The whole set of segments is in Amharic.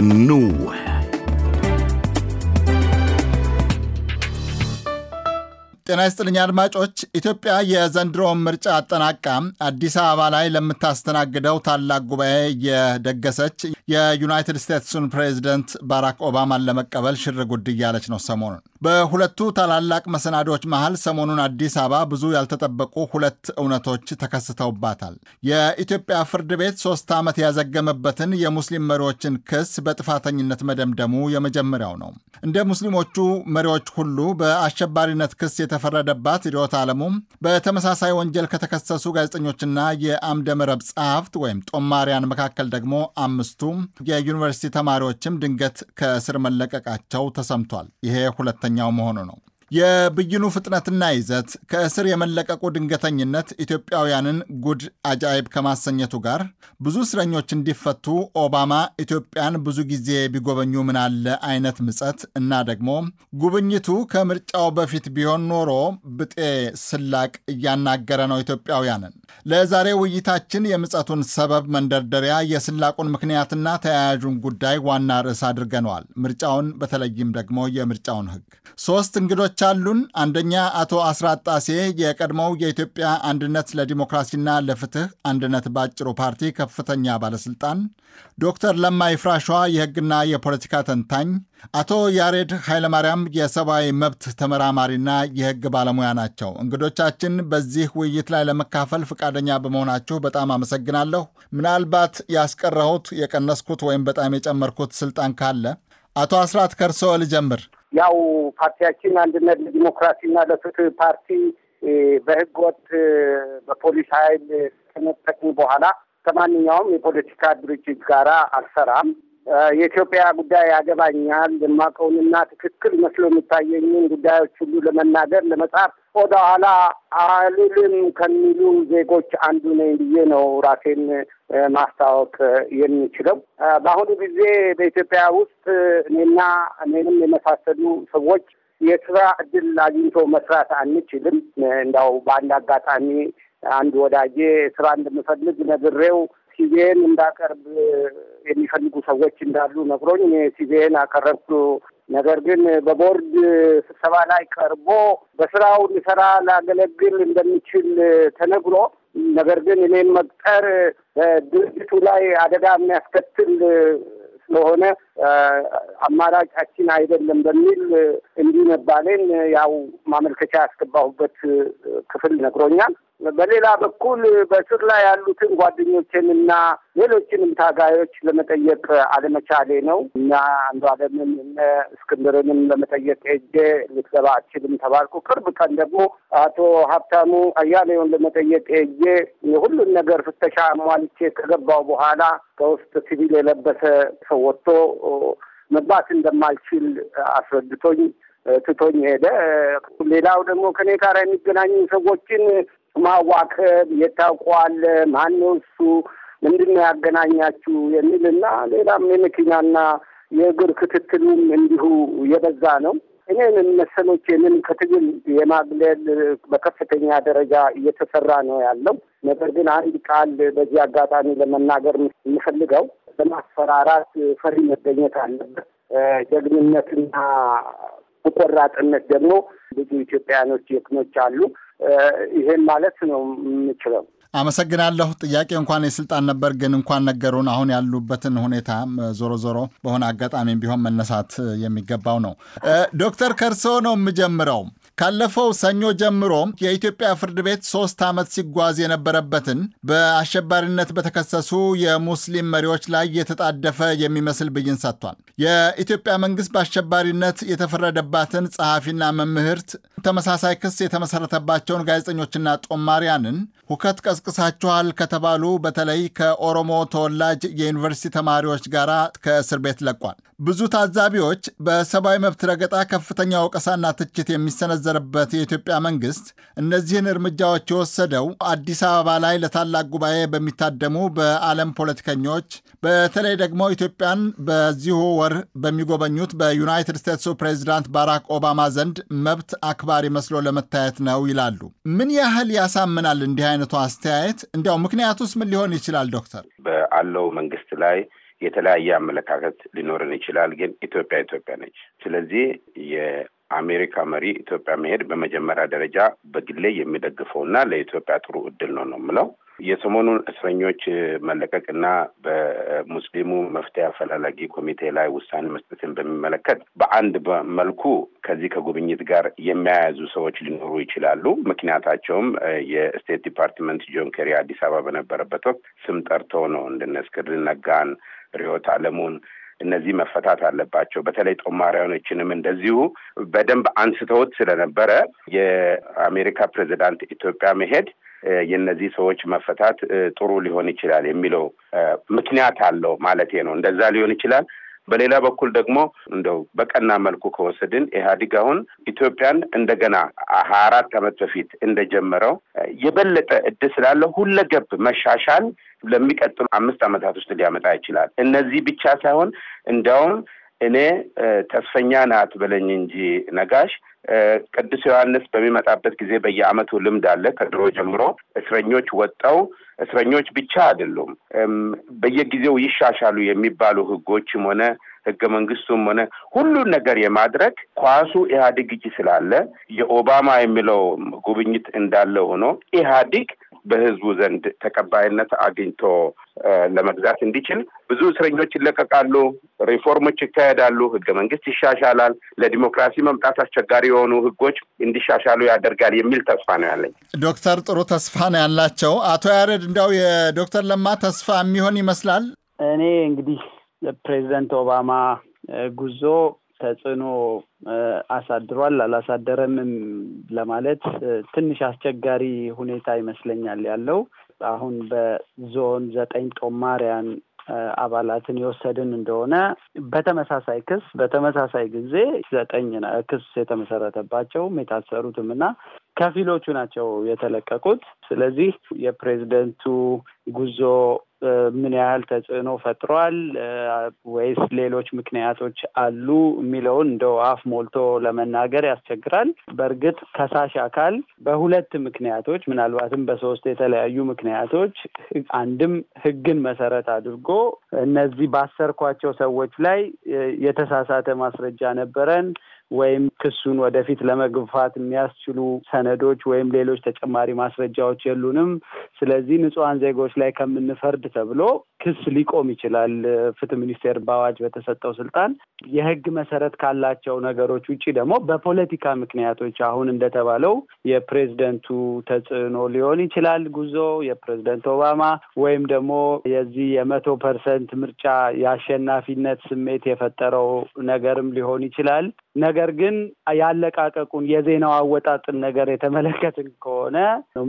nu ጤና ይስጥልኝ አድማጮች። ኢትዮጵያ የዘንድሮውን ምርጫ አጠናቃ አዲስ አበባ ላይ ለምታስተናግደው ታላቅ ጉባኤ እየደገሰች የዩናይትድ ስቴትሱን ፕሬዚደንት ባራክ ኦባማን ለመቀበል ሽር ጉድ እያለች ነው። ሰሞኑን በሁለቱ ታላላቅ መሰናዶች መሃል ሰሞኑን አዲስ አበባ ብዙ ያልተጠበቁ ሁለት እውነቶች ተከስተውባታል። የኢትዮጵያ ፍርድ ቤት ሶስት ዓመት ያዘገመበትን የሙስሊም መሪዎችን ክስ በጥፋተኝነት መደምደሙ የመጀመሪያው ነው። እንደ ሙስሊሞቹ መሪዎች ሁሉ በአሸባሪነት ክስ የተፈ የተፈረደባት ሪዮት ዓለሙ በተመሳሳይ ወንጀል ከተከሰሱ ጋዜጠኞችና የአምደ መረብ ጸሐፍት ወይም ጦማሪያን መካከል ደግሞ አምስቱ የዩኒቨርሲቲ ተማሪዎችም ድንገት ከእስር መለቀቃቸው ተሰምቷል። ይሄ ሁለተኛው መሆኑ ነው። የብይኑ ፍጥነትና ይዘት ከእስር የመለቀቁ ድንገተኝነት ኢትዮጵያውያንን ጉድ አጃይብ ከማሰኘቱ ጋር ብዙ እስረኞች እንዲፈቱ ኦባማ ኢትዮጵያን ብዙ ጊዜ ቢጎበኙ ምናለ አይነት ምጸት እና ደግሞ ጉብኝቱ ከምርጫው በፊት ቢሆን ኖሮ ብጤ ስላቅ እያናገረ ነው ኢትዮጵያውያንን። ለዛሬ ውይይታችን የምጸቱን ሰበብ መንደርደሪያ፣ የስላቁን ምክንያትና ተያያዡን ጉዳይ ዋና ርዕስ አድርገነዋል። ምርጫውን በተለይም ደግሞ የምርጫውን ህግ ሶስት እንግዶች እንግዶች አሉን። አንደኛ አቶ አስራት ጣሴ የቀድሞው የኢትዮጵያ አንድነት ለዲሞክራሲና ለፍትህ አንድነት ባጭሩ ፓርቲ ከፍተኛ ባለስልጣን፣ ዶክተር ለማ ይፍራሿ የህግና የፖለቲካ ተንታኝ፣ አቶ ያሬድ ኃይለማርያም የሰብአዊ መብት ተመራማሪና የህግ ባለሙያ ናቸው። እንግዶቻችን በዚህ ውይይት ላይ ለመካፈል ፈቃደኛ በመሆናችሁ በጣም አመሰግናለሁ። ምናልባት ያስቀረሁት የቀነስኩት ወይም በጣም የጨመርኩት ስልጣን ካለ አቶ አስራት ከርሶ ልጀምር። ያው ፓርቲያችን አንድነት ለዲሞክራሲና ለፍትህ ፓርቲ በህገ ወጥ በፖሊስ ኃይል ከነጠቅን በኋላ ከማንኛውም የፖለቲካ ድርጅት ጋራ አልሰራም። የኢትዮጵያ ጉዳይ ያገባኛል የማውቀውንና ትክክል መስሎ የሚታየኝን ጉዳዮች ሁሉ ለመናገር ለመጻፍ ወደኋላ አልልም ከሚሉ ዜጎች አንዱ ነኝ ብዬ ነው ራሴን ማስታወቅ የሚችለው። በአሁኑ ጊዜ በኢትዮጵያ ውስጥ እኔና እኔንም የመሳሰሉ ሰዎች የስራ እድል አግኝቶ መስራት አንችልም። እንዳው በአንድ አጋጣሚ አንድ ወዳጄ ስራ እንደምፈልግ ነግሬው ሲዜን እንዳቀርብ የሚፈልጉ ሰዎች እንዳሉ ነግሮኝ ሲቪዬን አቀረብኩ። ነገር ግን በቦርድ ስብሰባ ላይ ቀርቦ በስራው ልሰራ ላገለግል እንደሚችል ተነግሮ ነገር ግን እኔን መቅጠር በድርጅቱ ላይ አደጋ የሚያስከትል ስለሆነ አማራጫችን አይደለም በሚል እንዲህ መባሌን ያው ማመልከቻ ያስገባሁበት ክፍል ነግሮኛል። በሌላ በኩል በስር ላይ ያሉትን ጓደኞችንና ሌሎችንም ታጋዮች ለመጠየቅ አለመቻሌ ነው። እነ አንዱ አለምን እስክንድርንም ለመጠየቅ ሄጄ ልትገባ አችልም ተባልኩ። ቅርብ ቀን ደግሞ አቶ ሀብታሙ አያሌውን ለመጠየቅ ሄጄ የሁሉን ነገር ፍተሻ ሟልቼ ከገባው በኋላ ከውስጥ ሲቪል የለበሰ ሰው ወጥቶ መግባት እንደማልችል አስረድቶኝ ትቶኝ ሄደ። ሌላው ደግሞ ከኔ ጋር የሚገናኙ ሰዎችን ማዋከብ የታውቋል ማነው እሱ ምንድን ነው ያገናኛችሁ የሚል እና ሌላም የመኪናና የእግር ክትትሉም እንዲሁ የበዛ ነው። እኔንም መሰሎቼንም ከትግል የማግለል በከፍተኛ ደረጃ እየተሰራ ነው ያለው። ነገር ግን አንድ ቃል በዚህ አጋጣሚ ለመናገር የምፈልገው በማስፈራራት ፈሪ መገኘት አለበት። ጀግንነትና ቆራጥነት ደግሞ ብዙ ኢትዮጵያኖች የክኖች አሉ። ይሄን ማለት ነው የምችለው። አመሰግናለሁ። ጥያቄ እንኳን የስልጣን ነበር ግን እንኳን ነገሩን። አሁን ያሉበትን ሁኔታ ዞሮ ዞሮ በሆነ አጋጣሚ ቢሆን መነሳት የሚገባው ነው። ዶክተር ከርሶ ነው የምጀምረው ካለፈው ሰኞ ጀምሮም የኢትዮጵያ ፍርድ ቤት ሶስት ዓመት ሲጓዝ የነበረበትን በአሸባሪነት በተከሰሱ የሙስሊም መሪዎች ላይ የተጣደፈ የሚመስል ብይን ሰጥቷል። የኢትዮጵያ መንግስት በአሸባሪነት የተፈረደባትን ጸሐፊና መምህርት፣ ተመሳሳይ ክስ የተመሰረተባቸውን ጋዜጠኞችና ጦማሪያንን ሁከት ቀስቅሳችኋል ከተባሉ በተለይ ከኦሮሞ ተወላጅ የዩኒቨርሲቲ ተማሪዎች ጋር ከእስር ቤት ለቋል። ብዙ ታዛቢዎች በሰብአዊ መብት ረገጣ ከፍተኛ ወቀሳና ትችት የሚሰነዘ የተዘረዘረበት የኢትዮጵያ መንግስት እነዚህን እርምጃዎች የወሰደው አዲስ አበባ ላይ ለታላቅ ጉባኤ በሚታደሙ በዓለም ፖለቲከኞች በተለይ ደግሞ ኢትዮጵያን በዚሁ ወር በሚጎበኙት በዩናይትድ ስቴትሱ ፕሬዚዳንት ባራክ ኦባማ ዘንድ መብት አክባሪ መስሎ ለመታየት ነው ይላሉ። ምን ያህል ያሳምናል እንዲህ አይነቱ አስተያየት? እንዲያው ምክንያቱስ ምን ሊሆን ይችላል ዶክተር? በአለው መንግስት ላይ የተለያየ አመለካከት ሊኖረን ይችላል። ግን ኢትዮጵያ ኢትዮጵያ ነች። ስለዚህ አሜሪካ መሪ ኢትዮጵያ መሄድ በመጀመሪያ ደረጃ በግሌ የሚደግፈውና ለኢትዮጵያ ጥሩ እድል ነው ነው የምለው። የሰሞኑን እስረኞች መለቀቅና በሙስሊሙ መፍትሄ አፈላላጊ ኮሚቴ ላይ ውሳኔ መስጠትን በሚመለከት በአንድ መልኩ ከዚህ ከጉብኝት ጋር የሚያያዙ ሰዎች ሊኖሩ ይችላሉ። ምክንያታቸውም የስቴት ዲፓርትመንት ጆን ኬሪ አዲስ አበባ በነበረበት ወቅት ስም ጠርቶ ነው እንደነ እስክንድር ነጋን፣ ርዕዮት ዓለሙን እነዚህ መፈታት አለባቸው። በተለይ ጦማሪያኖችንም እንደዚሁ በደንብ አንስተውት ስለነበረ የአሜሪካ ፕሬዚዳንት ኢትዮጵያ መሄድ የእነዚህ ሰዎች መፈታት ጥሩ ሊሆን ይችላል የሚለው ምክንያት አለው ማለቴ ነው። እንደዛ ሊሆን ይችላል። በሌላ በኩል ደግሞ እንደው በቀና መልኩ ከወሰድን ኢህአዲግ አሁን ኢትዮጵያን እንደገና ሀያ አራት ዓመት በፊት እንደጀመረው የበለጠ እድል ሁለ ሁለገብ መሻሻል ለሚቀጥሉ አምስት ዓመታት ውስጥ ሊያመጣ ይችላል። እነዚህ ብቻ ሳይሆን እንዲያውም እኔ ተስፈኛ ናት በለኝ እንጂ ነጋሽ ቅዱስ ዮሐንስ በሚመጣበት ጊዜ በየአመቱ ልምድ አለ። ከድሮ ጀምሮ እስረኞች ወጠው እስረኞች ብቻ አይደሉም፣ በየጊዜው ይሻሻሉ የሚባሉ ህጎችም ሆነ ህገ መንግስቱም ሆነ ሁሉን ነገር የማድረግ ኳሱ ኢህአዴግ እጅ ስላለ የኦባማ የሚለው ጉብኝት እንዳለ ሆኖ ኢህአዴግ በህዝቡ ዘንድ ተቀባይነት አግኝቶ ለመግዛት እንዲችል ብዙ እስረኞች ይለቀቃሉ፣ ሪፎርሞች ይካሄዳሉ፣ ህገ መንግስት ይሻሻላል፣ ለዲሞክራሲ መምጣት አስቸጋሪ የሆኑ ህጎች እንዲሻሻሉ ያደርጋል የሚል ተስፋ ነው ያለኝ። ዶክተር ጥሩ ተስፋ ነው ያላቸው። አቶ ያሬድ እንዲያው የዶክተር ለማ ተስፋ የሚሆን ይመስላል። እኔ እንግዲህ ለፕሬዚደንት ኦባማ ጉዞ ተጽዕኖ አሳድሯል አላሳደረምም ለማለት ትንሽ አስቸጋሪ ሁኔታ ይመስለኛል ያለው። አሁን በዞን ዘጠኝ ጦማሪያን አባላትን የወሰድን እንደሆነ በተመሳሳይ ክስ በተመሳሳይ ጊዜ ዘጠኝ ክስ የተመሰረተባቸውም የታሰሩትም እና ከፊሎቹ ናቸው የተለቀቁት። ስለዚህ የፕሬዝደንቱ ጉዞ ምን ያህል ተጽዕኖ ፈጥሯል ወይስ ሌሎች ምክንያቶች አሉ የሚለውን እንደው አፍ ሞልቶ ለመናገር ያስቸግራል። በእርግጥ ከሳሽ አካል በሁለት ምክንያቶች ምናልባትም በሶስት የተለያዩ ምክንያቶች አንድም ሕግን መሰረት አድርጎ እነዚህ ባሰርኳቸው ሰዎች ላይ የተሳሳተ ማስረጃ ነበረን ወይም ክሱን ወደፊት ለመግፋት የሚያስችሉ ሰነዶች ወይም ሌሎች ተጨማሪ ማስረጃዎች የሉንም። ስለዚህ ንጹሐን ዜጎች ላይ ከምንፈርድ ተብሎ ክስ ሊቆም ይችላል። ፍትህ ሚኒስቴር በአዋጅ በተሰጠው ስልጣን የህግ መሰረት ካላቸው ነገሮች ውጭ ደግሞ በፖለቲካ ምክንያቶች አሁን እንደተባለው የፕሬዝደንቱ ተጽዕኖ ሊሆን ይችላል ጉዞ የፕሬዝደንት ኦባማ ወይም ደግሞ የዚህ የመቶ ፐርሰንት ምርጫ የአሸናፊነት ስሜት የፈጠረው ነገርም ሊሆን ይችላል። ነገር ግን ያለቃቀቁን የዜናው አወጣጥን ነገር የተመለከትን ከሆነ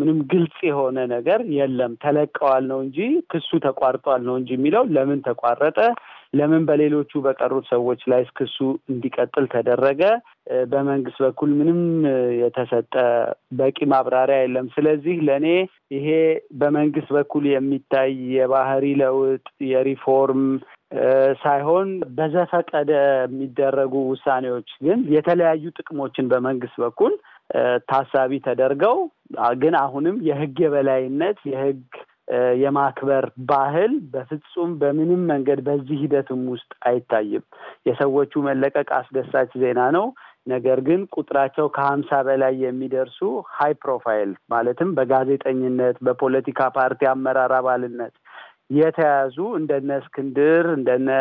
ምንም ግልጽ የሆነ ነገር የለም። ተለቀዋል ነው እንጂ ክሱ ተቋርጧል ነው እንጂ የሚለው ለምን ተቋረጠ፣ ለምን በሌሎቹ በቀሩት ሰዎች ላይ ክሱ እንዲቀጥል ተደረገ፣ በመንግስት በኩል ምንም የተሰጠ በቂ ማብራሪያ የለም። ስለዚህ ለእኔ ይሄ በመንግስት በኩል የሚታይ የባህሪ ለውጥ የሪፎርም ሳይሆን በዘፈቀደ የሚደረጉ ውሳኔዎች ግን የተለያዩ ጥቅሞችን በመንግስት በኩል ታሳቢ ተደርገው ግን አሁንም የህግ የበላይነት የህግ የማክበር ባህል በፍጹም በምንም መንገድ በዚህ ሂደትም ውስጥ አይታይም። የሰዎቹ መለቀቅ አስደሳች ዜና ነው። ነገር ግን ቁጥራቸው ከሀምሳ በላይ የሚደርሱ ሀይ ፕሮፋይል ማለትም በጋዜጠኝነት፣ በፖለቲካ ፓርቲ አመራር አባልነት የተያዙ እንደነ እስክንድር እንደነ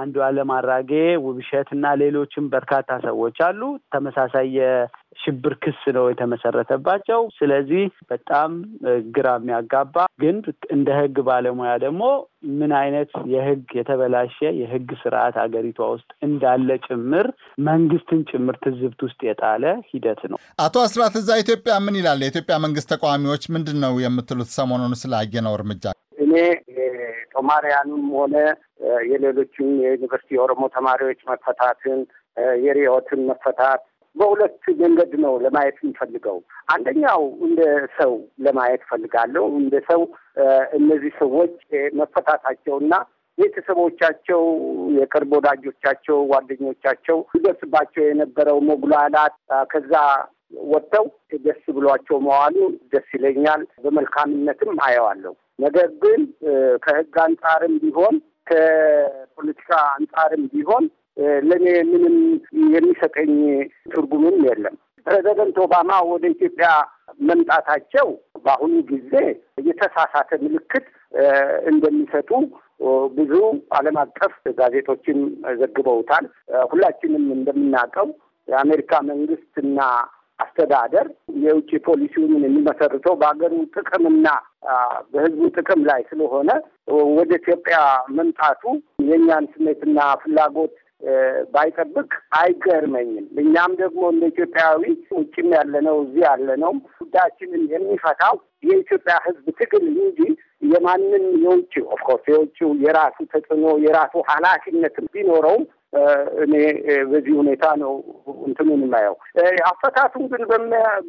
አንዱ አለም አራጌ ውብሸት እና ሌሎችም በርካታ ሰዎች አሉ። ተመሳሳይ የሽብር ክስ ነው የተመሰረተባቸው። ስለዚህ በጣም ግራ የሚያጋባ ግን እንደ ህግ ባለሙያ ደግሞ ምን አይነት የህግ የተበላሸ የህግ ስርዓት አገሪቷ ውስጥ እንዳለ ጭምር መንግስትን ጭምር ትዝብት ውስጥ የጣለ ሂደት ነው። አቶ አስራት እዛ ኢትዮጵያ ምን ይላል? የኢትዮጵያ መንግስት ተቃዋሚዎች ምንድን ነው የምትሉት? ሰሞኑን ስለ አየነው እርምጃ እኔ የጦማሪያኑም ሆነ የሌሎችም የዩኒቨርሲቲ የኦሮሞ ተማሪዎች መፈታትን የሪዮትን መፈታት በሁለት መንገድ ነው ለማየት የምፈልገው። አንደኛው እንደ ሰው ለማየት ፈልጋለሁ። እንደ ሰው እነዚህ ሰዎች መፈታታቸውና ቤተሰቦቻቸው፣ የቅርብ ወዳጆቻቸው፣ ጓደኞቻቸው ይደርስባቸው የነበረው መጉላላት ከዛ ወጥተው ደስ ብሏቸው መዋሉ ደስ ይለኛል። በመልካምነትም አየዋለሁ። ነገር ግን ከህግ አንጻርም ቢሆን ከፖለቲካ አንጻርም ቢሆን ለእኔ ምንም የሚሰጠኝ ትርጉምም የለም። ፕሬዚደንት ኦባማ ወደ ኢትዮጵያ መምጣታቸው በአሁኑ ጊዜ የተሳሳተ ምልክት እንደሚሰጡ ብዙ ዓለም አቀፍ ጋዜጦችም ዘግበውታል። ሁላችንም እንደምናውቀው የአሜሪካ መንግስትና አስተዳደር የውጭ ፖሊሲውን የሚመሰርተው በሀገሩ ጥቅምና በህዝቡ ጥቅም ላይ ስለሆነ ወደ ኢትዮጵያ መምጣቱ የእኛን ስሜትና ፍላጎት ባይጠብቅ አይገርመኝም። እኛም ደግሞ እንደ ኢትዮጵያዊ ውጭም ያለነው እዚህ ያለነው ጉዳያችንን የሚፈታው የኢትዮጵያ ህዝብ ትግል እንጂ የማንም የውጭ ኦፍኮርስ የውጭው የራሱ ተጽዕኖ የራሱ ኃላፊነት ቢኖረውም እኔ በዚህ ሁኔታ ነው እንትኑን የማየው። አፈታቱን ግን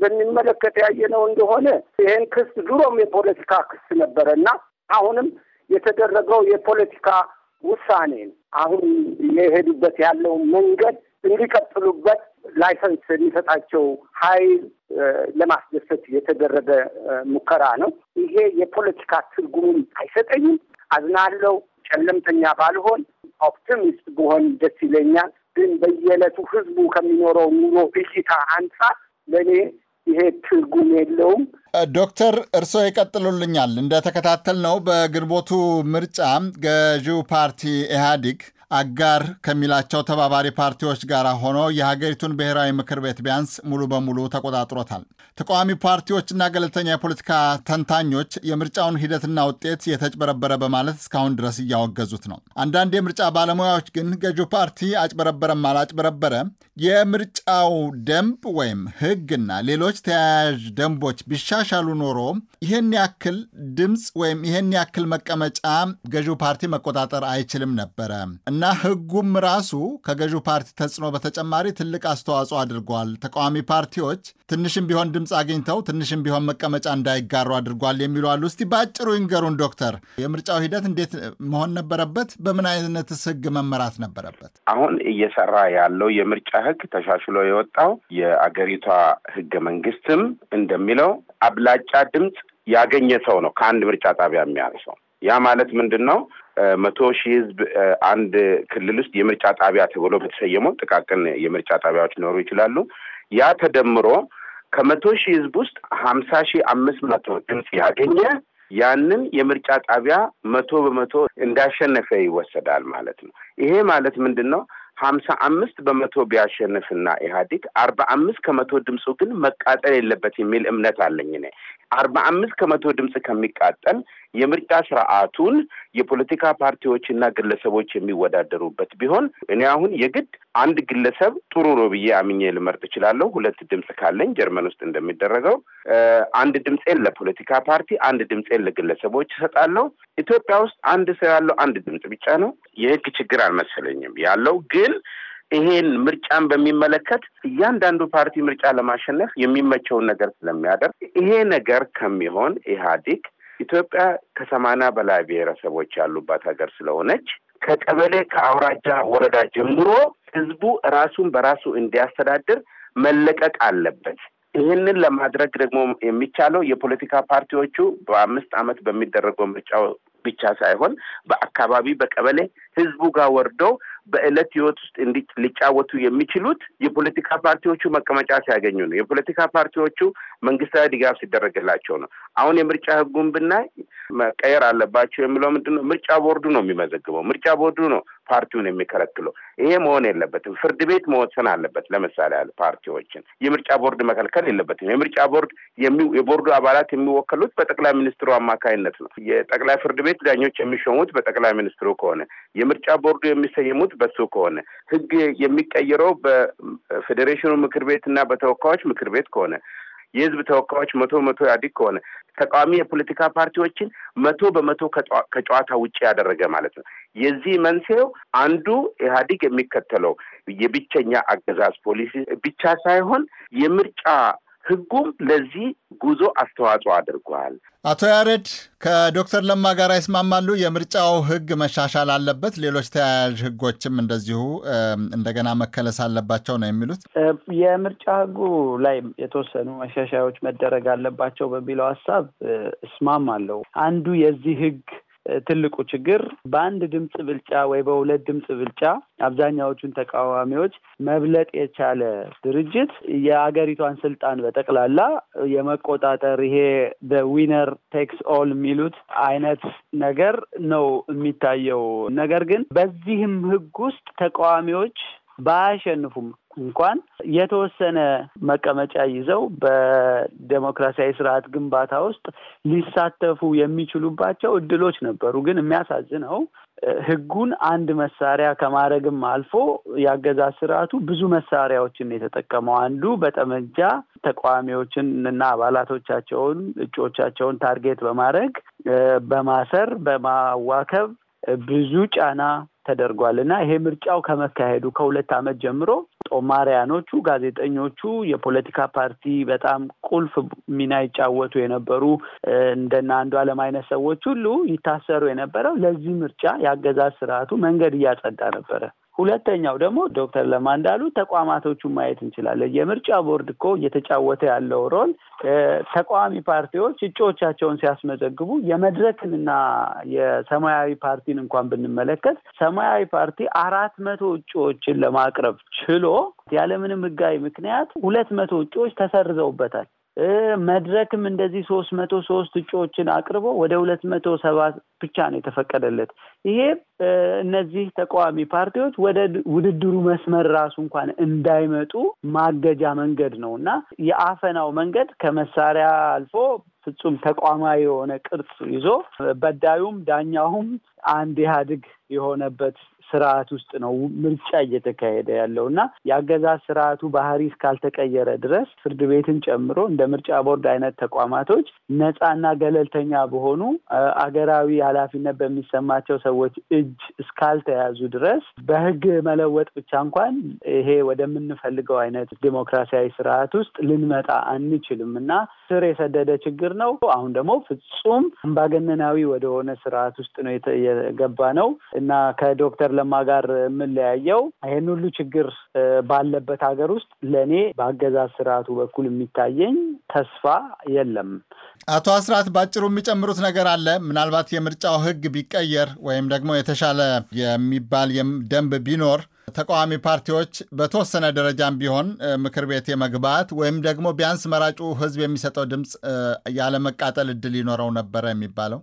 በሚመለከት ያየነው እንደሆነ ይህን ክስ ድሮም የፖለቲካ ክስ ነበረ እና አሁንም የተደረገው የፖለቲካ ውሳኔ ነው። አሁን የሄዱበት ያለው መንገድ እንዲቀጥሉበት ላይሰንስ የሚሰጣቸው ኃይል ለማስደሰት የተደረገ ሙከራ ነው። ይሄ የፖለቲካ ትርጉሙን አይሰጠኝም። አዝናለው ጨለምተኛ ባልሆን ኦፕቲሚስት ብሆን ደስ ይለኛል። ግን በየዕለቱ ህዝቡ ከሚኖረው ኑሮ እይታ አንጻር ለእኔ ይሄ ትርጉም የለውም። ዶክተር እርስዎ ይቀጥሉልኛል። እንደተከታተል ነው በግንቦቱ ምርጫ ገዢው ፓርቲ ኢህአዲግ አጋር ከሚላቸው ተባባሪ ፓርቲዎች ጋር ሆኖ የሀገሪቱን ብሔራዊ ምክር ቤት ቢያንስ ሙሉ በሙሉ ተቆጣጥሮታል። ተቃዋሚ ፓርቲዎችና ገለልተኛ የፖለቲካ ተንታኞች የምርጫውን ሂደትና ውጤት የተጭበረበረ በማለት እስካሁን ድረስ እያወገዙት ነው። አንዳንድ የምርጫ ባለሙያዎች ግን ገዢው ፓርቲ አጭበረበረም አላጭበረበረ የምርጫው ደንብ ወይም ሕግና ሌሎች ተያያዥ ደንቦች ቢሻሻሉ ኖሮ ይህን ያክል ድምፅ ወይም ይህን ያክል መቀመጫ ገዢው ፓርቲ መቆጣጠር አይችልም ነበረ እና እና ህጉም ራሱ ከገዢው ፓርቲ ተጽዕኖ በተጨማሪ ትልቅ አስተዋጽኦ አድርጓል። ተቃዋሚ ፓርቲዎች ትንሽም ቢሆን ድምፅ አግኝተው ትንሽም ቢሆን መቀመጫ እንዳይጋሩ አድርጓል የሚሉ አሉ። እስቲ በአጭሩ ይንገሩን ዶክተር፣ የምርጫው ሂደት እንዴት መሆን ነበረበት? በምን አይነትስ ህግ መመራት ነበረበት? አሁን እየሰራ ያለው የምርጫ ህግ ተሻሽሎ የወጣው የአገሪቷ ህገ መንግስትም እንደሚለው አብላጫ ድምፅ ያገኘ ሰው ነው ከአንድ ምርጫ ጣቢያ የሚያርሰው። ያ ማለት ምንድን ነው? መቶ ሺህ ህዝብ አንድ ክልል ውስጥ የምርጫ ጣቢያ ተብሎ በተሰየመው ጥቃቅን የምርጫ ጣቢያዎች ሊኖሩ ይችላሉ። ያ ተደምሮ ከመቶ ሺህ ህዝብ ውስጥ ሀምሳ ሺህ አምስት መቶ ድምፅ ያገኘ ያንን የምርጫ ጣቢያ መቶ በመቶ እንዳሸነፈ ይወሰዳል ማለት ነው። ይሄ ማለት ምንድን ነው? ሀምሳ አምስት በመቶ ቢያሸንፍና ኢህአዲግ አርባ አምስት ከመቶ ድምፁ ግን መቃጠል የለበት የሚል እምነት አለኝ እኔ። አርባ አምስት ከመቶ ድምፅ ከሚቃጠል የምርጫ ስርዓቱን የፖለቲካ ፓርቲዎችና ግለሰቦች የሚወዳደሩበት ቢሆን እኔ አሁን የግድ አንድ ግለሰብ ጥሩ ነው ብዬ አምኜ ልመርጥ እችላለሁ። ሁለት ድምፅ ካለኝ ጀርመን ውስጥ እንደሚደረገው አንድ ድምፄን ለፖለቲካ ፓርቲ፣ አንድ ድምፄን ለግለሰቦች እሰጣለሁ። ኢትዮጵያ ውስጥ አንድ ሰው ያለው አንድ ድምፅ ብቻ ነው። የህግ ችግር አልመሰለኝም ያለው ግን ይሄን ምርጫን በሚመለከት እያንዳንዱ ፓርቲ ምርጫ ለማሸነፍ የሚመቸውን ነገር ስለሚያደርግ ይሄ ነገር ከሚሆን ኢህአዴግ ኢትዮጵያ ከሰማና በላይ ብሔረሰቦች ያሉባት ሀገር ስለሆነች ከቀበሌ ከአውራጃ ወረዳ ጀምሮ ህዝቡ ራሱን በራሱ እንዲያስተዳድር መለቀቅ አለበት። ይህንን ለማድረግ ደግሞ የሚቻለው የፖለቲካ ፓርቲዎቹ በአምስት ዓመት በሚደረገው ምርጫ ብቻ ሳይሆን በአካባቢ በቀበሌ ህዝቡ ጋር ወርደው በዕለት ህይወት ውስጥ እንዲ ሊጫወቱ የሚችሉት የፖለቲካ ፓርቲዎቹ መቀመጫ ሲያገኙ ነው። የፖለቲካ ፓርቲዎቹ መንግስታዊ ድጋፍ ሲደረግላቸው ነው። አሁን የምርጫ ህጉን ብናይ መቀየር አለባቸው የሚለው ምንድን ነው? ምርጫ ቦርዱ ነው የሚመዘግበው። ምርጫ ቦርዱ ነው ፓርቲውን የሚከለክለው። ይሄ መሆን የለበትም። ፍርድ ቤት መወሰን አለበት። ለምሳሌ ያለ ፓርቲዎችን የምርጫ ቦርድ መከልከል የለበትም። የምርጫ ቦርድ የቦርዱ አባላት የሚወከሉት በጠቅላይ ሚኒስትሩ አማካይነት ነው። የጠቅላይ ፍርድ ቤት ዳኞች የሚሾሙት በጠቅላይ ሚኒስትሩ ከሆነ የምርጫ ቦርዱ የሚሰየሙት በሱ ከሆነ ህግ የሚቀየረው በፌዴሬሽኑ ምክር ቤት እና በተወካዮች ምክር ቤት ከሆነ የህዝብ ተወካዮች መቶ መቶ ያዲግ ከሆነ ተቃዋሚ የፖለቲካ ፓርቲዎችን መቶ በመቶ ከጨዋታ ውጭ ያደረገ ማለት ነው። የዚህ መንስኤው አንዱ ኢህአዲግ የሚከተለው የብቸኛ አገዛዝ ፖሊሲ ብቻ ሳይሆን የምርጫ ህጉም ለዚህ ጉዞ አስተዋጽኦ አድርጓል። አቶ ያሬድ ከዶክተር ለማ ጋር ይስማማሉ? የምርጫው ህግ መሻሻል አለበት፣ ሌሎች ተያያዥ ህጎችም እንደዚሁ እንደገና መከለስ አለባቸው ነው የሚሉት። የምርጫ ህጉ ላይ የተወሰኑ መሻሻያዎች መደረግ አለባቸው በሚለው ሀሳብ እስማማለሁ። አንዱ የዚህ ህግ ትልቁ ችግር በአንድ ድምፅ ብልጫ ወይ በሁለት ድምፅ ብልጫ አብዛኛዎቹን ተቃዋሚዎች መብለጥ የቻለ ድርጅት የአገሪቷን ስልጣን በጠቅላላ የመቆጣጠር ይሄ በዊነር ቴክስ ኦል የሚሉት አይነት ነገር ነው የሚታየው። ነገር ግን በዚህም ህግ ውስጥ ተቃዋሚዎች ባያሸንፉም እንኳን የተወሰነ መቀመጫ ይዘው በዴሞክራሲያዊ ስርዓት ግንባታ ውስጥ ሊሳተፉ የሚችሉባቸው እድሎች ነበሩ። ግን የሚያሳዝነው ህጉን አንድ መሳሪያ ከማድረግም አልፎ የአገዛዝ ስርዓቱ ብዙ መሳሪያዎችን የተጠቀመው አንዱ በጠመንጃ ተቃዋሚዎችን እና አባላቶቻቸውን እጩዎቻቸውን ታርጌት በማድረግ በማሰር፣ በማዋከብ ብዙ ጫና ተደርጓል እና ይሄ ምርጫው ከመካሄዱ ከሁለት ዓመት ጀምሮ ጦማሪያኖቹ፣ ጋዜጠኞቹ፣ የፖለቲካ ፓርቲ በጣም ቁልፍ ሚና ይጫወቱ የነበሩ እንደና አንዱ ዓለም አይነት ሰዎች ሁሉ ይታሰሩ የነበረው ለዚህ ምርጫ የአገዛዝ ስርዓቱ መንገድ እያጸዳ ነበረ። ሁለተኛው ደግሞ ዶክተር ለማ እንዳሉ ተቋማቶቹን ማየት እንችላለን። የምርጫ ቦርድ እኮ እየተጫወተ ያለው ሮል ተቃዋሚ ፓርቲዎች እጩዎቻቸውን ሲያስመዘግቡ የመድረክንና የሰማያዊ ፓርቲን እንኳን ብንመለከት ሰማያዊ ፓርቲ አራት መቶ እጩዎችን ለማቅረብ ችሎ ያለምንም ሕጋዊ ምክንያት ሁለት መቶ እጩዎች ተሰርዘውበታል። መድረክም እንደዚህ ሶስት መቶ ሶስት እጩዎችን አቅርቦ ወደ ሁለት መቶ ሰባ ብቻ ነው የተፈቀደለት። ይሄ እነዚህ ተቃዋሚ ፓርቲዎች ወደ ውድድሩ መስመር ራሱ እንኳን እንዳይመጡ ማገጃ መንገድ ነው እና የአፈናው መንገድ ከመሳሪያ አልፎ ፍጹም ተቋማዊ የሆነ ቅርጽ ይዞ በዳዩም ዳኛውም አንድ ኢህአዴግ የሆነበት ስርዓት ውስጥ ነው ምርጫ እየተካሄደ ያለው እና የአገዛዝ ስርዓቱ ባህሪ እስካልተቀየረ ድረስ ፍርድ ቤትን ጨምሮ እንደ ምርጫ ቦርድ አይነት ተቋማቶች ነፃና ገለልተኛ በሆኑ አገራዊ ኃላፊነት በሚሰማቸው ሰዎች እጅ እስካልተያዙ ድረስ በህግ መለወጥ ብቻ እንኳን ይሄ ወደምንፈልገው አይነት ዲሞክራሲያዊ ስርዓት ውስጥ ልንመጣ አንችልም እና ስር የሰደደ ችግር ነው። አሁን ደግሞ ፍጹም አምባገነናዊ ወደሆነ ስርዓት ውስጥ ነው የገባ ነው እና ከዶክተር ከፓርላማ ጋር የምለያየው ይህን ሁሉ ችግር ባለበት ሀገር ውስጥ ለእኔ በአገዛዝ ስርዓቱ በኩል የሚታየኝ ተስፋ የለም። አቶ አስራት ባጭሩ የሚጨምሩት ነገር አለ? ምናልባት የምርጫው ህግ ቢቀየር ወይም ደግሞ የተሻለ የሚባል ደንብ ቢኖር ተቃዋሚ ፓርቲዎች በተወሰነ ደረጃም ቢሆን ምክር ቤት የመግባት ወይም ደግሞ ቢያንስ መራጩ ህዝብ የሚሰጠው ድምፅ ያለመቃጠል እድል ይኖረው ነበረ የሚባለው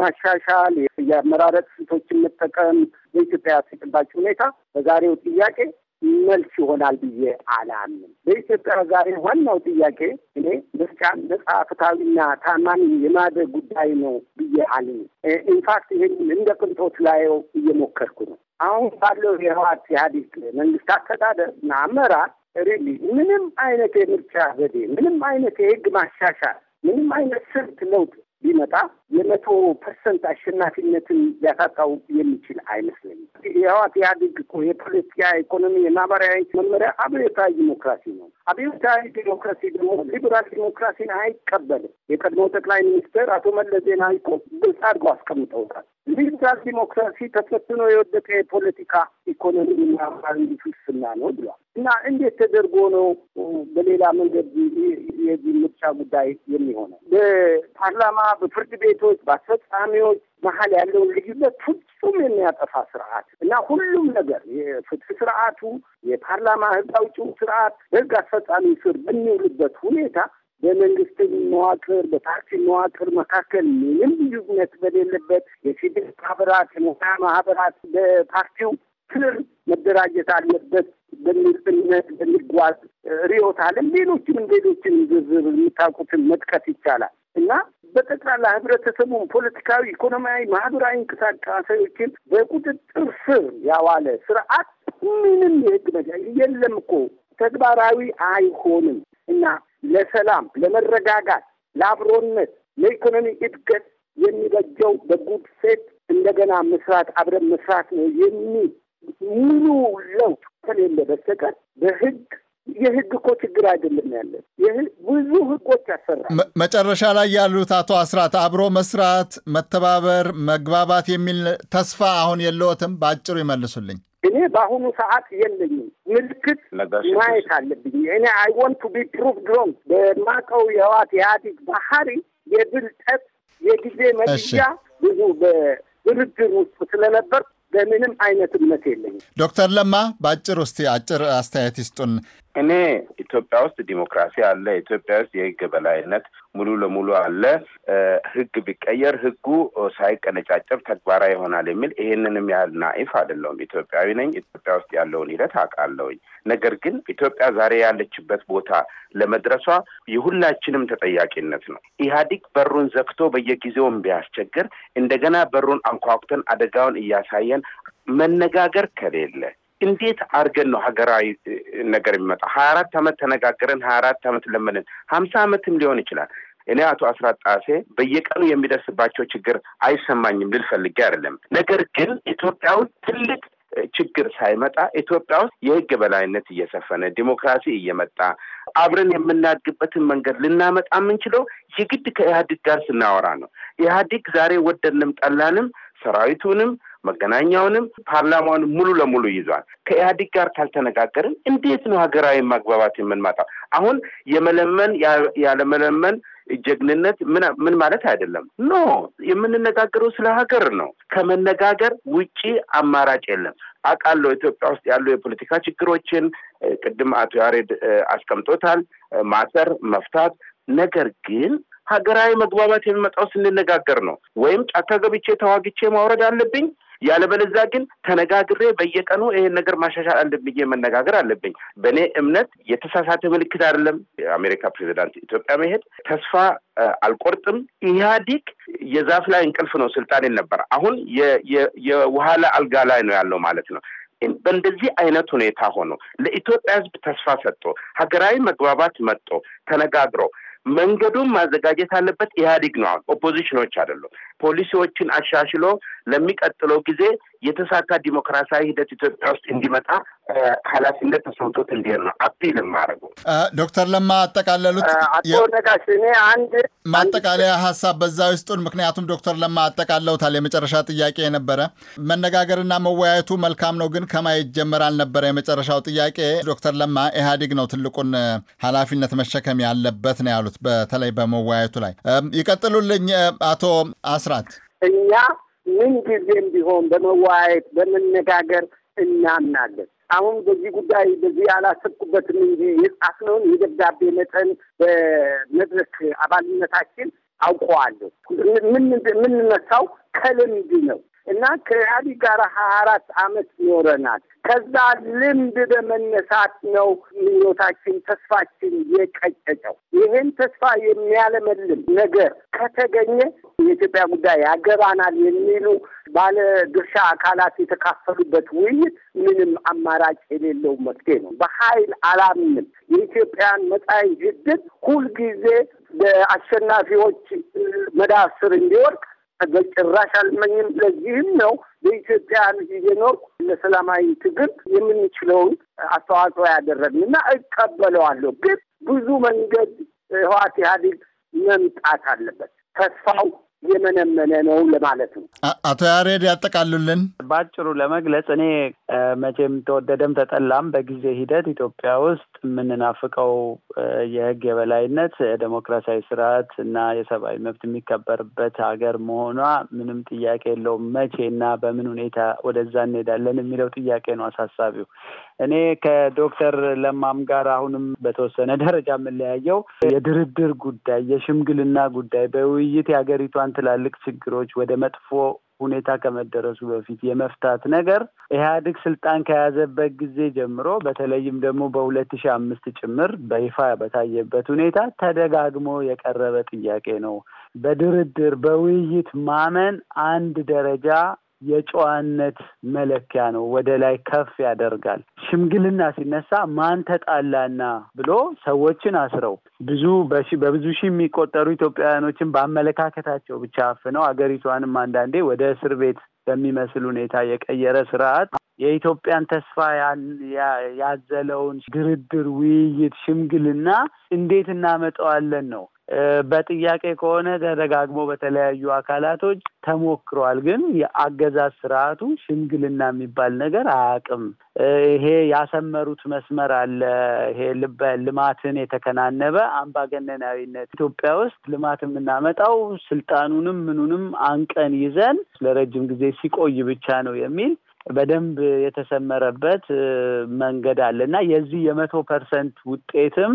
ማሻሻል፣ የአመራረጥ ስልቶችን መጠቀም በኢትዮጵያ ያስቅባቸው ሁኔታ በዛሬው ጥያቄ መልስ ይሆናል ብዬ አላምን። በኢትዮጵያ ዛሬ ዋናው ጥያቄ እኔ ምርጫን ነጻ ፍትሐዊና ታማኝ የማድረግ ጉዳይ ነው ብዬ አልንም። ኢንፋክት ይህን እንደ ቅንጦት ላየው እየሞከርኩ ነው። አሁን ባለው የህወሓት ኢህአዴግ መንግስት አስተዳደር አመራር ሪሊ ምንም አይነት የምርጫ ዘዴ፣ ምንም አይነት የህግ ማሻሻል፣ ምንም አይነት ስልት ለውጥ ቢመጣ የመቶ ፐርሰንት አሸናፊነትን ሊያሳጣው የሚችል አይመስለኝም። የህዋት ኢህአዴግ የፖለቲካ ኢኮኖሚ፣ የማህበራዊ መመሪያ አብዮታዊ ዲሞክራሲ ነው። አብዮታዊ ዲሞክራሲ ደግሞ ሊበራል ዲሞክራሲን አይቀበልም። የቀድሞ ጠቅላይ ሚኒስትር አቶ መለስ ዜናዊ እኮ ግልጽ አድርጎ አስቀምጠውታል። ሊበራል ዲሞክራሲ ተፈትኖ የወደቀ የፖለቲካ ኢኮኖሚና ማህበራዊ ፍልስፍና ነው ብሏል። እና እንዴት ተደርጎ ነው በሌላ መንገድ የዚህ ምርጫ ጉዳይ የሚሆነው? በፓርላማ፣ በፍርድ ቤቶች፣ በአስፈጻሚዎች መሀል ያለውን ልዩነት ፍጹም የሚያጠፋ ስርዓት እና ሁሉም ነገር የፍትህ ስርዓቱ፣ የፓርላማ ህግ አውጪው ስርዓት በህግ አስፈጻሚ ስር በሚውልበት ሁኔታ በመንግስት መዋቅር በፓርቲ መዋቅር መካከል ምንም ልዩነት በሌለበት የሲቪል ማህበራት የሙያ ማህበራት በፓርቲው ስር መደራጀት አለበት በሚል እምነት በሚጓዝ ሪዮት አለም ሌሎችንም ሌሎችንም ዝርዝር የምታውቁትን መጥቀስ ይቻላል። እና በጠቅላላ ህብረተሰቡን ፖለቲካዊ፣ ኢኮኖሚያዊ፣ ማህበራዊ እንቅስቃሴዎችን በቁጥጥር ስር ያዋለ ስርዓት ምንም የህግ መጃ የለም እኮ ተግባራዊ አይሆንም እና ለሰላም፣ ለመረጋጋት፣ ለአብሮነት፣ ለኢኮኖሚ እድገት የሚበጀው በጉድ ሴት እንደገና መስራት አብረን መስራት ነው የሚል ሙሉ ለውጥ ከሌለ በስተቀር በህግ የህግ እኮ ችግር አይደለም ያለን ብዙ ህጎች ያሰራል። መጨረሻ ላይ ያሉት አቶ አስራት አብሮ መስራት፣ መተባበር፣ መግባባት የሚል ተስፋ አሁን የለዎትም? በአጭሩ ይመልሱልኝ። እኔ በአሁኑ ሰዓት የለኝም። ምልክት ማየት አለብኝ። እኔ አይ ወንት ቱ ቢ ፕሩፍ ድሮን በማቀው የህዋት የኢህአዴግ ባህሪ የብልጠት የጊዜ መድያ ብዙ በድርድር ውስጥ ስለነበር በምንም አይነት እምነት የለኝም። ዶክተር ለማ በአጭር ውስጥ አጭር አስተያየት ይስጡን። እኔ ኢትዮጵያ ውስጥ ዲሞክራሲ አለ። ኢትዮጵያ ውስጥ የህግ በላይነት ሙሉ ለሙሉ አለ። ህግ ቢቀየር ህጉ ሳይቀነጫጨብ ተግባራዊ ይሆናል የሚል ይህንንም ያህል ናኢፍ አይደለሁም። ኢትዮጵያዊ ነኝ። ኢትዮጵያ ውስጥ ያለውን ሂደት አውቃለሁኝ። ነገር ግን ኢትዮጵያ ዛሬ ያለችበት ቦታ ለመድረሷ የሁላችንም ተጠያቂነት ነው። ኢህአዲግ በሩን ዘግቶ በየጊዜውን ቢያስቸግር እንደገና በሩን አንኳኩተን አደጋውን እያሳየን መነጋገር ከሌለ እንዴት አድርገን ነው ሀገራዊ ነገር የሚመጣ? ሀያ አራት አመት ተነጋገረን ሀያ አራት አመት ለመንን፣ ሀምሳ አመትም ሊሆን ይችላል። እኔ አቶ አስራት ጣሴ በየቀኑ የሚደርስባቸው ችግር አይሰማኝም ልልፈልጌ አይደለም። ነገር ግን ኢትዮጵያ ውስጥ ትልቅ ችግር ሳይመጣ ኢትዮጵያ ውስጥ የህግ በላይነት እየሰፈነ ዲሞክራሲ እየመጣ አብረን የምናድግበትን መንገድ ልናመጣ የምንችለው የግድ ከኢህአዴግ ጋር ስናወራ ነው። ኢህአዴግ ዛሬ ወደንም ጠላንም ሰራዊቱንም መገናኛውንም ፓርላማውን ሙሉ ለሙሉ ይዟል። ከኢህአዴግ ጋር ካልተነጋገርን እንዴት ነው ሀገራዊ ማግባባት የምንማጣው? አሁን የመለመን ያለመለመን ጀግንነት ምን ማለት አይደለም። ኖ የምንነጋገረው ስለ ሀገር ነው። ከመነጋገር ውጪ አማራጭ የለም። አውቃለሁ ኢትዮጵያ ውስጥ ያሉ የፖለቲካ ችግሮችን ቅድም አቶ ያሬድ አስቀምጦታል። ማሰር፣ መፍታት ነገር ግን ሀገራዊ መግባባት የሚመጣው ስንነጋገር ነው። ወይም ጫካ ገብቼ ተዋግቼ ማውረድ አለብኝ ያለበለዛ ግን ተነጋግሬ በየቀኑ ይሄን ነገር ማሻሻል አለብኝ መነጋገር አለብኝ። በእኔ እምነት የተሳሳተ ምልክት አይደለም የአሜሪካ ፕሬዚዳንት ኢትዮጵያ መሄድ። ተስፋ አልቆርጥም። ኢህአዲግ የዛፍ ላይ እንቅልፍ ነው ስልጣኔን ነበር። አሁን የውሃላ አልጋ ላይ ነው ያለው ማለት ነው። በእንደዚህ አይነት ሁኔታ ሆኖ ለኢትዮጵያ ሕዝብ ተስፋ ሰጥቶ ሀገራዊ መግባባት መጥቶ ተነጋግሮ መንገዱን ማዘጋጀት አለበት ኢህአዲግ ነው። አሁን ኦፖዚሽኖች አይደሉም። ፖሊሲዎችን አሻሽሎ ለሚቀጥለው ጊዜ የተሳካ ዲሞክራሲያዊ ሂደት ኢትዮጵያ ውስጥ እንዲመጣ ኃላፊነት ተሰምቶት እንዲሄድ ነው አፒል ማድረጉ። ዶክተር ለማ አጠቃለሉት። አቶ ነጋሽ፣ እኔ አንድ ማጠቃለያ ሀሳብ በዛ ውስጡን፣ ምክንያቱም ዶክተር ለማ አጠቃለውታል። የመጨረሻ ጥያቄ የነበረ መነጋገርና መወያየቱ መልካም ነው፣ ግን ከማ ይጀመራል ነበረ የመጨረሻው ጥያቄ። ዶክተር ለማ ኢህአዴግ ነው ትልቁን ኃላፊነት መሸከም ያለበት ነው ያሉት፣ በተለይ በመወያየቱ ላይ ይቀጥሉልኝ አቶ አስ ለመስራት እኛ ምን ጊዜም ቢሆን በመወያየት በመነጋገር እናምናለን። አሁን በዚህ ጉዳይ በዚህ አላሰብኩበትም እንጂ የጻፍነውን የደብዳቤ መጠን በመድረክ አባልነታችን አውቀዋለሁ። የምንነሳው ከልምድ ነው። እና ከኢህአዲ ጋር ሀያ አራት አመት ኖረናል። ከዛ ልምድ በመነሳት ነው ምኞታችን፣ ተስፋችን የቀጨጨው። ይህን ተስፋ የሚያለመልም ነገር ከተገኘ የኢትዮጵያ ጉዳይ ያገባናል የሚሉ ባለ ድርሻ አካላት የተካፈሉበት ውይይት ምንም አማራጭ የሌለው መፍትሄ ነው። በሀይል አላምንም። የኢትዮጵያን መጻኢ ዕድል ሁልጊዜ በአሸናፊዎች መዳፍ ስር በጭራሽ አልመኝም። ለዚህም ነው በኢትዮጵያ አንድ የኖርኩ ለሰላማዊ ትግል የምንችለውን አስተዋጽኦ ያደረግን እና እቀበለዋለሁ። ግን ብዙ መንገድ ህዋት ኢህአዴግ መምጣት አለበት። ተስፋው የመነመነ ነው ለማለት ነው። አቶ ያሬድ ያጠቃሉልን። በአጭሩ ለመግለጽ እኔ መቼም ተወደደም ተጠላም በጊዜ ሂደት ኢትዮጵያ ውስጥ የምንናፍቀው የህግ የበላይነት የዴሞክራሲያዊ ስርዓት እና የሰብአዊ መብት የሚከበርበት ሀገር መሆኗ ምንም ጥያቄ የለውም። መቼ እና በምን ሁኔታ ወደዛ እንሄዳለን የሚለው ጥያቄ ነው አሳሳቢው። እኔ ከዶክተር ለማም ጋር አሁንም በተወሰነ ደረጃ የምለያየው የድርድር ጉዳይ፣ የሽምግልና ጉዳይ በውይይት የሀገሪቷን ትላልቅ ችግሮች ወደ መጥፎ ሁኔታ ከመደረሱ በፊት የመፍታት ነገር ኢህአዴግ ስልጣን ከያዘበት ጊዜ ጀምሮ በተለይም ደግሞ በሁለት ሺህ አምስት ጭምር በይፋ በታየበት ሁኔታ ተደጋግሞ የቀረበ ጥያቄ ነው። በድርድር በውይይት ማመን አንድ ደረጃ የጨዋነት መለኪያ ነው። ወደ ላይ ከፍ ያደርጋል። ሽምግልና ሲነሳ ማን ተጣላና ብሎ ሰዎችን አስረው ብዙ በብዙ ሺህ የሚቆጠሩ ኢትዮጵያውያኖችን በአመለካከታቸው ብቻ አፍነው አገሪቷንም አንዳንዴ ወደ እስር ቤት በሚመስል ሁኔታ የቀየረ ስርዓት የኢትዮጵያን ተስፋ ያዘለውን ድርድር፣ ውይይት፣ ሽምግልና እንዴት እናመጣዋለን ነው። በጥያቄ ከሆነ ተደጋግሞ በተለያዩ አካላቶች ተሞክሯል። ግን የአገዛዝ ስርዓቱ ሽምግልና የሚባል ነገር አያውቅም። ይሄ ያሰመሩት መስመር አለ። ይሄ ልበ ልማትን የተከናነበ አምባገነናዊነት ኢትዮጵያ ውስጥ ልማት የምናመጣው ስልጣኑንም ምኑንም አንቀን ይዘን ለረጅም ጊዜ ሲቆይ ብቻ ነው የሚል በደንብ የተሰመረበት መንገድ አለ እና የዚህ የመቶ ፐርሰንት ውጤትም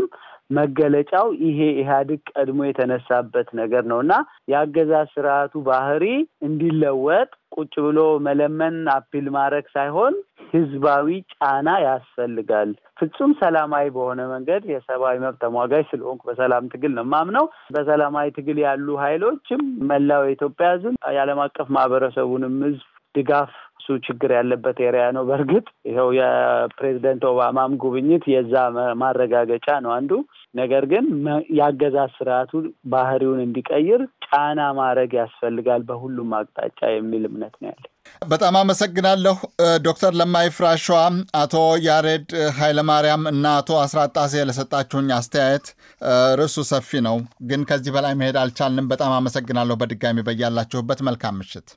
መገለጫው ይሄ ኢህአዴግ ቀድሞ የተነሳበት ነገር ነው እና የአገዛ ስርዓቱ ባህሪ እንዲለወጥ ቁጭ ብሎ መለመን አፒል ማድረግ ሳይሆን ህዝባዊ ጫና ያስፈልጋል። ፍጹም ሰላማዊ በሆነ መንገድ የሰብአዊ መብት ተሟጋጅ ስለሆንኩ በሰላም ትግል ነው ማምነው። በሰላማዊ ትግል ያሉ ሀይሎችም መላው የኢትዮጵያ ህዝብ፣ የዓለም አቀፍ ማህበረሰቡንም ህዝብ ድጋፍ እሱ ችግር ያለበት ኤሪያ ነው። በእርግጥ ይኸው የፕሬዚደንት ኦባማም ጉብኝት የዛ ማረጋገጫ ነው አንዱ ነገር ግን የአገዛዝ ስርዓቱ ባህሪውን እንዲቀይር ጫና ማድረግ ያስፈልጋል በሁሉም አቅጣጫ የሚል እምነት ነው ያለ። በጣም አመሰግናለሁ ዶክተር ለማይ ፍራሿ፣ አቶ ያሬድ ኃይለማርያም እና አቶ አስራጣሴ ለሰጣችሁኝ አስተያየት። ርዕሱ ሰፊ ነው፣ ግን ከዚህ በላይ መሄድ አልቻልንም። በጣም አመሰግናለሁ። በድጋሚ በያላችሁበት መልካም ምሽት።